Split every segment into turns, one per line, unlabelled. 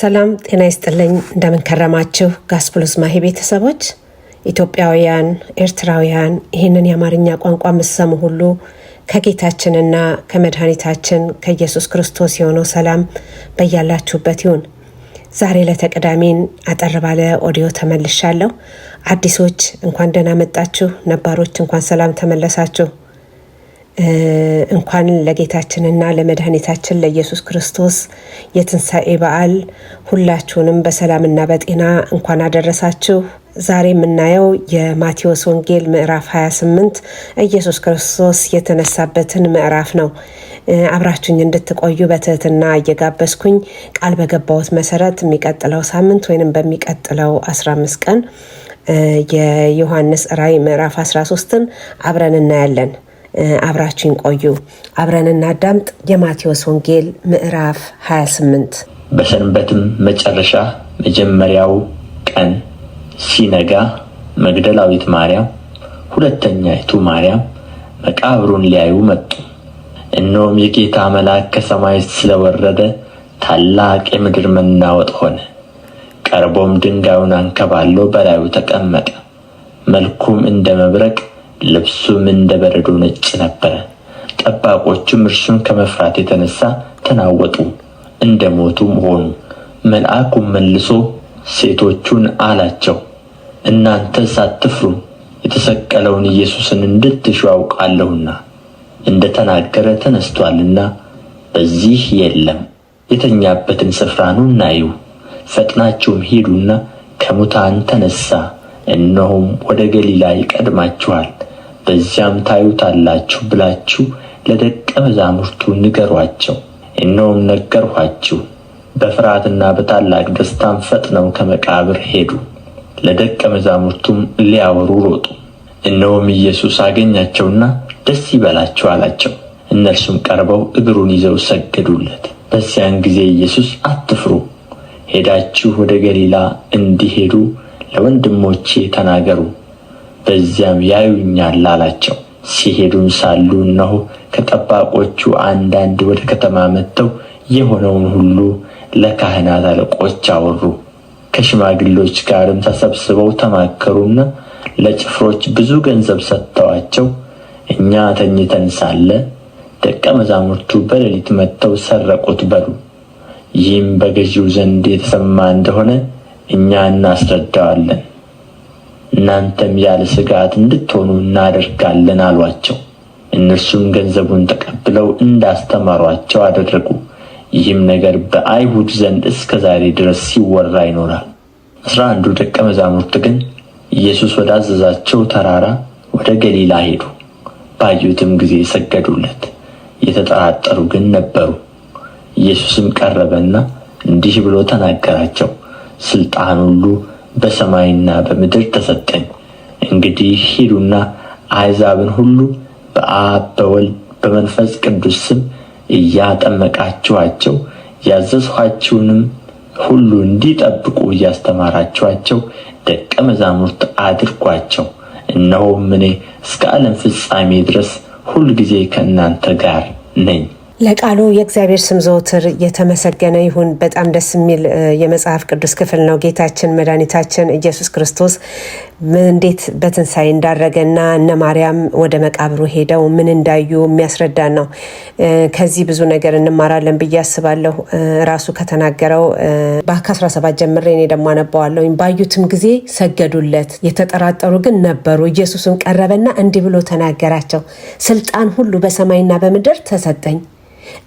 ሰላም ጤና ይስጥልኝ። እንደምንከረማችሁ ጋስፕሎስ ማሄ ቤተሰቦች ኢትዮጵያውያን፣ ኤርትራውያን ይህንን የአማርኛ ቋንቋ ምሰሙ ሁሉ ከጌታችንና ከመድኃኒታችን ከኢየሱስ ክርስቶስ የሆነው ሰላም በያላችሁበት ይሁን። ዛሬ ለተቀዳሚን አጠር ባለ ኦዲዮ ተመልሻለሁ። አዲሶች እንኳን ደህና መጣችሁ፣ ነባሮች እንኳን ሰላም ተመለሳችሁ። እንኳን ለጌታችንና ለመድኃኒታችን ለኢየሱስ ክርስቶስ የትንሣኤ በዓል ሁላችሁንም በሰላምና በጤና እንኳን አደረሳችሁ። ዛሬ የምናየው የማቴዎስ ወንጌል ምዕራፍ 28 ኢየሱስ ክርስቶስ የተነሳበትን ምዕራፍ ነው። አብራችሁኝ እንድትቆዩ በትህትና እየጋበዝኩኝ ቃል በገባሁት መሰረት የሚቀጥለው ሳምንት ወይንም በሚቀጥለው 15 ቀን የዮሐንስ ራእይ ምዕራፍ 13ን አብረን እናያለን። አብራችን ቆዩ። አብረን እናዳምጥ። የማቴዎስ ወንጌል ምዕራፍ 28
በሰንበትም መጨረሻ መጀመሪያው ቀን ሲነጋ መግደላዊት ማርያም፣ ሁለተኛይቱ ማርያም መቃብሩን ሊያዩ መጡ። እነሆም የጌታ መልአክ ከሰማይ ስለወረደ ታላቅ የምድር መናወጥ ሆነ። ቀርቦም ድንጋዩን አንከባሎ በላዩ ተቀመጠ። መልኩም እንደ መብረቅ ልብሱም እንደ በረዶ ነጭ ነበረ። ጠባቆቹም እርሱን ከመፍራት የተነሳ ተናወጡ፣ እንደ ሞቱም ሆኑ። መልአኩም መልሶ ሴቶቹን አላቸው፣ እናንተስ አትፍሩ፣ የተሰቀለውን ኢየሱስን እንድትሹ አውቃለሁና እንደ ተናገረ ተነስቶአልና በዚህ የለም። የተኛበትን ስፍራ ኑና እዩ። ፈጥናችሁም ሂዱና ከሙታን ተነሳ! እነሆም ወደ ገሊላ ይቀድማችኋል በዚያም ታዩታላችሁ ብላችሁ ለደቀ መዛሙርቱ ንገሯቸው እነሆም ነገርኋችሁ በፍርሃትና በታላቅ ደስታም ፈጥነው ከመቃብር ሄዱ ለደቀ መዛሙርቱም ሊያወሩ ሮጡ እነሆም ኢየሱስ አገኛቸውና ደስ ይበላችሁ አላቸው እነርሱም ቀርበው እግሩን ይዘው ሰገዱለት በዚያን ጊዜ ኢየሱስ አትፍሩ ሄዳችሁ ወደ ገሊላ እንዲሄዱ ለወንድሞቼ ተናገሩ በዚያም ያዩኛል አላቸው ሲሄዱም ሳሉ እነሆ ከጠባቆቹ አንዳንድ ወደ ከተማ መጥተው የሆነውን ሁሉ ለካህናት አለቆች አወሩ ከሽማግሎች ጋርም ተሰብስበው ተማከሩና ለጭፍሮች ብዙ ገንዘብ ሰጥተዋቸው እኛ ተኝተን ሳለ ደቀ መዛሙርቱ በሌሊት መጥተው ሰረቁት በሉ ይህም በገዢው ዘንድ የተሰማ እንደሆነ እኛ እናስረዳዋለን፣ እናንተም ያለ ስጋት እንድትሆኑ እናደርጋለን አሏቸው። እነርሱም ገንዘቡን ተቀብለው እንዳስተማሯቸው አደረጉ። ይህም ነገር በአይሁድ ዘንድ እስከ ዛሬ ድረስ ሲወራ ይኖራል። አስራ አንዱ ደቀ መዛሙርት ግን ኢየሱስ ወዳዘዛቸው ተራራ ወደ ገሊላ ሄዱ። ባዩትም ጊዜ ሰገዱለት። የተጠራጠሩ ግን ነበሩ። ኢየሱስም ቀረበና እንዲህ ብሎ ተናገራቸው። ስልጣን ሁሉ በሰማይና በምድር ተሰጠኝ። እንግዲህ ሂዱና አሕዛብን ሁሉ በአብ በወልድ በመንፈስ ቅዱስ ስም እያጠመቃችኋቸው ያዘዝኋችሁንም ሁሉ እንዲጠብቁ እያስተማራችኋቸው ደቀ መዛሙርት አድርጓቸው። እነሆም እኔ እስከ ዓለም ፍጻሜ ድረስ ሁልጊዜ ከእናንተ ጋር ነኝ።
ለቃሉ የእግዚአብሔር ስም ዘወትር የተመሰገነ ይሁን። በጣም ደስ የሚል የመጽሐፍ ቅዱስ ክፍል ነው። ጌታችን መድኃኒታችን ኢየሱስ ክርስቶስ እንዴት በትንሣኤ እንዳረገና እነ ማርያም ወደ መቃብሩ ሄደው ምን እንዳዩ የሚያስረዳን ነው። ከዚህ ብዙ ነገር እንማራለን ብዬ አስባለሁ። ራሱ ከተናገረው ከ17 ጀምሬ እኔ ደግሞ አነባዋለሁ። ባዩትም ጊዜ ሰገዱለት፣ የተጠራጠሩ ግን ነበሩ። ኢየሱስም ቀረበና እንዲህ ብሎ ተናገራቸው፣ ስልጣን ሁሉ በሰማይና በምድር ተሰጠኝ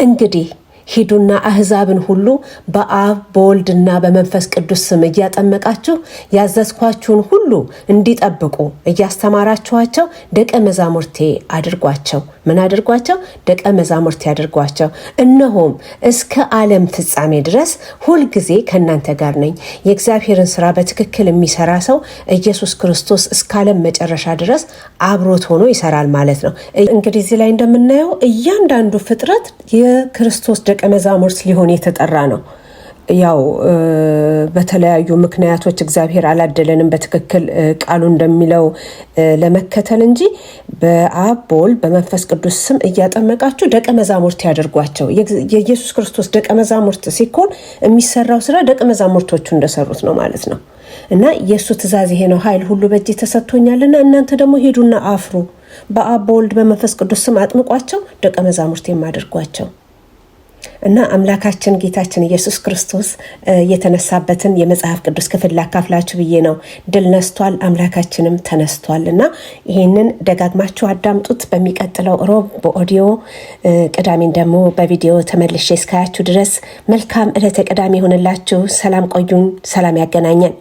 እንግዲህ ሂዱና አህዛብን ሁሉ በአብ በወልድና በመንፈስ ቅዱስ ስም እያጠመቃችሁ ያዘዝኳችሁን ሁሉ እንዲጠብቁ እያስተማራችኋቸው ደቀ መዛሙርቴ አድርጓቸው ምን አድርጓቸው? ደቀ መዛሙርት ያድርጓቸው። እነሆም እስከ ዓለም ፍጻሜ ድረስ ሁልጊዜ ከእናንተ ጋር ነኝ። የእግዚአብሔርን ስራ በትክክል የሚሰራ ሰው ኢየሱስ ክርስቶስ እስከ ዓለም መጨረሻ ድረስ አብሮት ሆኖ ይሰራል ማለት ነው። እንግዲህ እዚህ ላይ እንደምናየው እያንዳንዱ ፍጥረት የክርስቶስ ደቀ መዛሙርት ሊሆን የተጠራ ነው። ያው በተለያዩ ምክንያቶች እግዚአብሔር አላደለንም በትክክል ቃሉ እንደሚለው ለመከተል እንጂ በአብ በወልድ በመንፈስ ቅዱስ ስም እያጠመቃችሁ ደቀ መዛሙርት ያደርጓቸው። የኢየሱስ ክርስቶስ ደቀ መዛሙርት ሲኮን የሚሰራው ስራ ደቀ መዛሙርቶቹ እንደሰሩት ነው ማለት ነው። እና የእሱ ትእዛዝ ይሄ ነው፣ ኃይል ሁሉ በእጄ ተሰጥቶኛልና እናንተ ደግሞ ሄዱና አፍሩ፣ በአብ በወልድ በመንፈስ ቅዱስ ስም አጥምቋቸው፣ ደቀ መዛሙርት የማደርጓቸው እና አምላካችን ጌታችን ኢየሱስ ክርስቶስ የተነሳበትን የመጽሐፍ ቅዱስ ክፍል ላካፍላችሁ ብዬ ነው። ድል ነስቷል፣ አምላካችንም ተነስቷል እና ይህንን ደጋግማችሁ አዳምጡት። በሚቀጥለው ሮብ በኦዲዮ ቅዳሜን ደግሞ በቪዲዮ ተመልሼ እስካያችሁ ድረስ መልካም ዕለተ ቅዳሜ ይሆንላችሁ። ሰላም ቆዩን። ሰላም ያገናኘን።